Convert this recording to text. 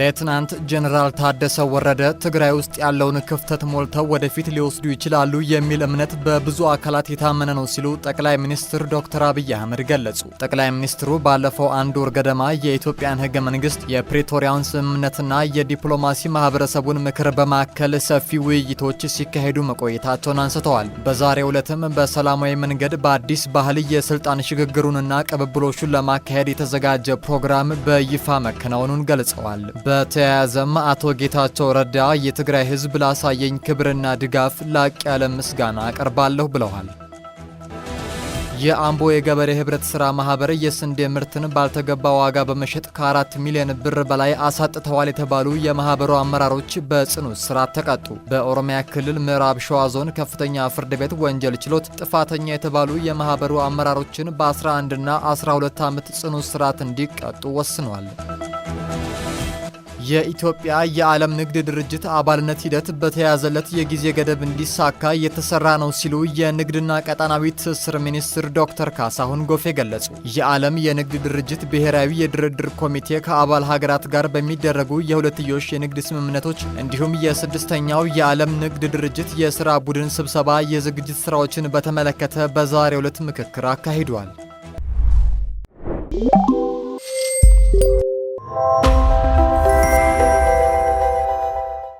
ሌትናንት ጀነራል ታደሰ ወረደ ትግራይ ውስጥ ያለውን ክፍተት ሞልተው ወደፊት ሊወስዱ ይችላሉ የሚል እምነት በብዙ አካላት የታመነ ነው ሲሉ ጠቅላይ ሚኒስትር ዶክተር አብይ አህመድ ገለጹ። ጠቅላይ ሚኒስትሩ ባለፈው አንድ ወር ገደማ የኢትዮጵያን ህገ መንግስት፣ የፕሬቶሪያውን ስምምነትና የዲፕሎማሲ ማህበረሰቡን ምክር በማከል ሰፊ ውይይቶች ሲካሄዱ መቆየታቸውን አንስተዋል። በዛሬው ዕለትም በሰላማዊ መንገድ በአዲስ ባህል የስልጣን ሽግግሩንና ቅብብሎቹን ለማካሄድ የተዘጋጀ ፕሮግራም በይፋ መከናወኑን ገልጸዋል። በተያያዘም አቶ ጌታቸው ረዳ የትግራይ ሕዝብ ላሳየኝ ክብርና ድጋፍ ላቅ ያለ ምስጋና አቀርባለሁ ብለዋል። የአምቦ የገበሬ ህብረት ሥራ ማኅበር የስንዴ ምርትን ባልተገባ ዋጋ በመሸጥ ከአራት ሚሊዮን ብር በላይ አሳጥተዋል የተባሉ የማኅበሩ አመራሮች በጽኑ እስራት ተቀጡ። በኦሮሚያ ክልል ምዕራብ ሸዋ ዞን ከፍተኛ ፍርድ ቤት ወንጀል ችሎት ጥፋተኛ የተባሉ የማኅበሩ አመራሮችን በ11ና 12 ዓመት ጽኑ እስራት እንዲቀጡ ወስኗል። የኢትዮጵያ የዓለም ንግድ ድርጅት አባልነት ሂደት በተያዘለት የጊዜ ገደብ እንዲሳካ እየተሰራ ነው ሲሉ የንግድና ቀጣናዊ ትስስር ሚኒስትር ዶክተር ካሳሁን ጎፌ ገለጹ። የዓለም የንግድ ድርጅት ብሔራዊ የድርድር ኮሚቴ ከአባል ሀገራት ጋር በሚደረጉ የሁለትዮሽ የንግድ ስምምነቶች እንዲሁም የስድስተኛው የዓለም ንግድ ድርጅት የሥራ ቡድን ስብሰባ የዝግጅት ሥራዎችን በተመለከተ በዛሬው ዕለት ምክክር አካሂዷል።